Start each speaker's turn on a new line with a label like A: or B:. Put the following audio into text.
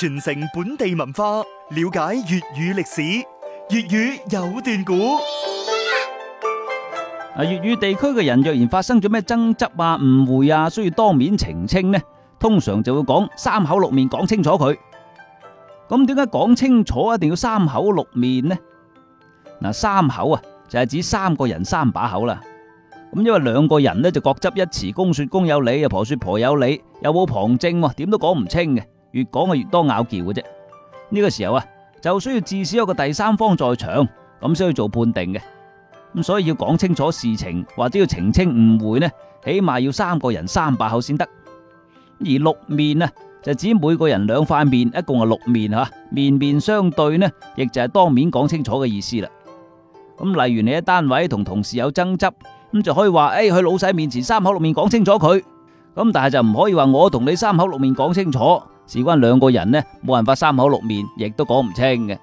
A: 傳承本地文化，了解粵語歷史，粵
B: 語有段古。啊，粵語地區嘅人若然發生咗咩爭執啊、誤會啊，需要當面澄清呢，通常就會講三口六面講清楚佢。咁點解講清楚一定要三口六面呢？嗱，三口啊，就係指三個人三把口啦。咁因為兩個人呢就各執一詞，公說公有理，婆說婆有理，又冇旁證，點都講唔清嘅。越講啊，越多拗撬嘅啫。呢個時候啊，就需要至少有個第三方在場，咁先可以做判定嘅。咁所以要講清楚事情，或者要澄清誤會呢，起碼要三個人三把口先得。而六面呢，就指每個人兩塊面，一共係六面吓，面面相對呢，亦就係當面講清楚嘅意思啦。咁例如你喺單位同同事有爭執，咁就可以話：，誒，去老細面前三口六面講清楚佢。咁但係就唔可以話我同你三口六面講清楚。事關兩個人呢，冇辦法三口六面，亦都講唔清嘅。